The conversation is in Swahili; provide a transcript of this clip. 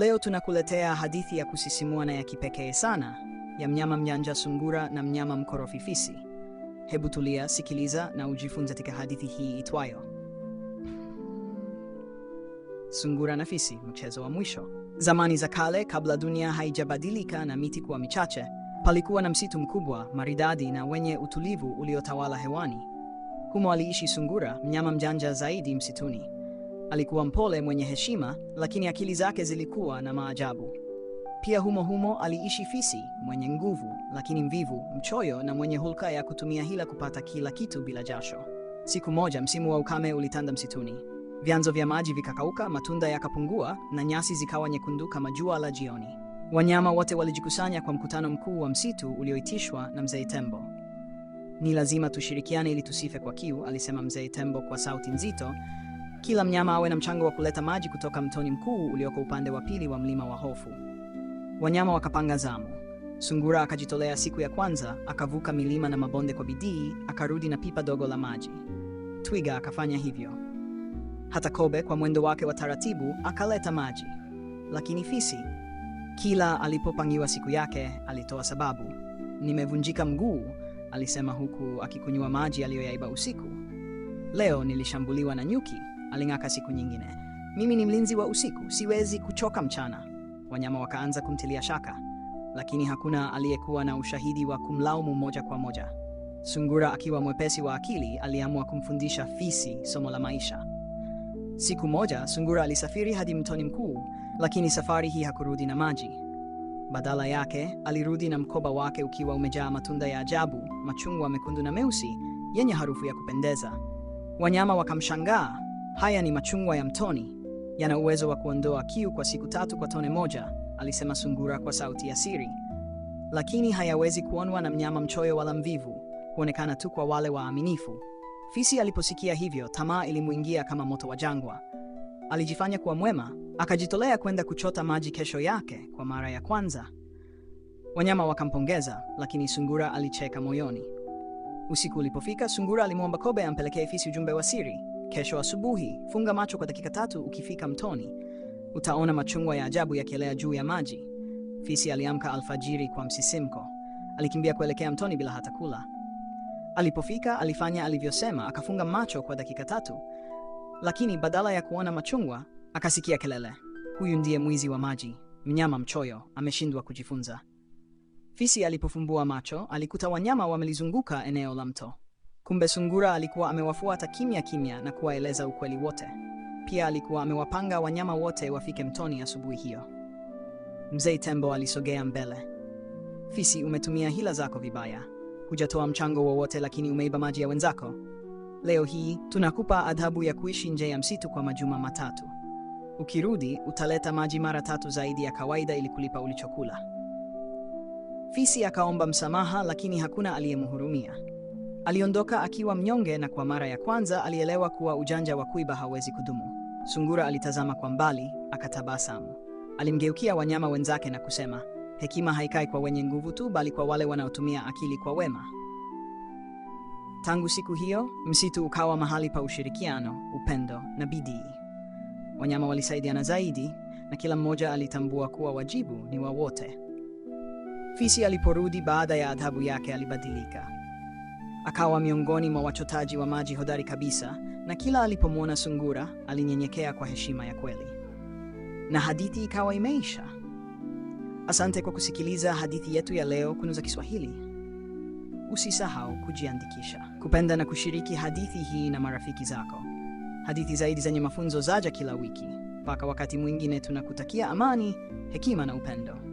Leo tunakuletea hadithi ya kusisimua na ya kipekee sana ya mnyama mnyanja sungura na mnyama mkorofi fisi. Hebu tulia, sikiliza na ujifunze katika hadithi hii itwayo Sungura na Fisi, mchezo wa mwisho. Zamani za kale, kabla dunia haijabadilika na miti kuwa michache, palikuwa na msitu mkubwa maridadi na wenye utulivu uliotawala hewani. Humo aliishi sungura, mnyama mjanja zaidi msituni. Alikuwa mpole, mwenye heshima, lakini akili zake zilikuwa na maajabu. Pia humo humo aliishi fisi mwenye nguvu lakini mvivu, mchoyo na mwenye hulka ya kutumia hila kupata kila kitu bila jasho. Siku moja, msimu wa ukame ulitanda msituni. Vyanzo vya maji vikakauka, matunda yakapungua na nyasi zikawa nyekundu kama jua la jioni. Wanyama wote walijikusanya kwa mkutano mkuu wa msitu ulioitishwa na mzee Tembo. Ni lazima tushirikiane ili tusife kwa kiu, alisema mzee Tembo kwa sauti nzito. Kila mnyama awe na mchango wa kuleta maji kutoka mtoni mkuu ulioko upande wa pili wa mlima wa hofu. Wanyama wakapanga zamu. Sungura akajitolea siku ya kwanza, akavuka milima na mabonde kwa bidii, akarudi na pipa dogo la maji. Twiga akafanya hivyo. Hata kobe kwa mwendo wake wa taratibu akaleta maji. Lakini fisi, kila alipopangiwa siku yake, alitoa sababu. Nimevunjika mguu, alisema huku akikunywa maji aliyoyaiba usiku. Leo nilishambuliwa na nyuki aling'aka siku nyingine. Mimi ni mlinzi wa usiku, siwezi kuchoka mchana. Wanyama wakaanza kumtilia shaka, lakini hakuna aliyekuwa na ushahidi wa kumlaumu moja kwa moja. Sungura akiwa mwepesi wa akili aliamua kumfundisha fisi somo la maisha. Siku moja Sungura alisafiri hadi mtoni mkuu, lakini safari hii hakurudi na maji. Badala yake alirudi na mkoba wake ukiwa umejaa matunda ya ajabu, machungwa mekundu na meusi yenye harufu ya kupendeza. Wanyama wakamshangaa, Haya ni machungwa ya mtoni, yana uwezo wa kuondoa kiu kwa siku tatu kwa tone moja, alisema sungura kwa sauti ya siri, lakini hayawezi kuonwa na mnyama mchoyo wala mvivu, huonekana tu kwa wale waaminifu. Fisi aliposikia hivyo, tamaa ilimwingia kama moto wa jangwa. Alijifanya kuwa mwema, akajitolea kwenda kuchota maji kesho yake kwa mara ya kwanza. Wanyama wakampongeza, lakini sungura alicheka moyoni. Usiku ulipofika, sungura alimwomba kobe ampelekee fisi ujumbe wa siri. Kesho asubuhi, funga macho kwa dakika tatu. Ukifika mtoni, utaona machungwa ya ajabu yakielea juu ya maji. Fisi aliamka alfajiri kwa msisimko. Alikimbia kuelekea mtoni bila hata kula. Alipofika alifanya alivyosema, akafunga macho kwa dakika tatu, lakini badala ya kuona machungwa akasikia kelele. Huyu ndiye mwizi wa maji, mnyama mchoyo, ameshindwa kujifunza. Fisi alipofumbua macho alikuta wanyama wamelizunguka eneo la mto. Kumbe sungura alikuwa amewafuata kimya kimya na kuwaeleza ukweli wote. Pia alikuwa amewapanga wanyama wote wafike mtoni asubuhi hiyo. Mzee Tembo alisogea mbele. Fisi, umetumia hila zako vibaya. Hujatoa mchango wowote, lakini umeiba maji ya wenzako. Leo hii tunakupa adhabu ya kuishi nje ya msitu kwa majuma matatu. Ukirudi utaleta maji mara tatu zaidi ya kawaida ili kulipa ulichokula. Fisi akaomba msamaha, lakini hakuna aliyemhurumia. Aliondoka akiwa mnyonge, na kwa mara ya kwanza alielewa kuwa ujanja wa kuiba hawezi kudumu. Sungura alitazama kwa mbali, akatabasamu. Alimgeukia wanyama wenzake na kusema, hekima haikai kwa wenye nguvu tu, bali kwa wale wanaotumia akili kwa wema. Tangu siku hiyo, msitu ukawa mahali pa ushirikiano, upendo na bidii. Wanyama walisaidiana zaidi na kila mmoja alitambua kuwa wajibu ni wa wote. Fisi aliporudi baada ya adhabu yake alibadilika. Akawa miongoni mwa wachotaji wa maji hodari kabisa, na kila alipomwona sungura alinyenyekea kwa heshima ya kweli, na hadithi ikawa imeisha. Asante kwa kusikiliza hadithi yetu ya leo, Tunu za Kiswahili. Usisahau kujiandikisha, kupenda na kushiriki hadithi hii na marafiki zako. Hadithi zaidi zenye mafunzo zaja kila wiki. Mpaka wakati mwingine, tunakutakia amani, hekima na upendo.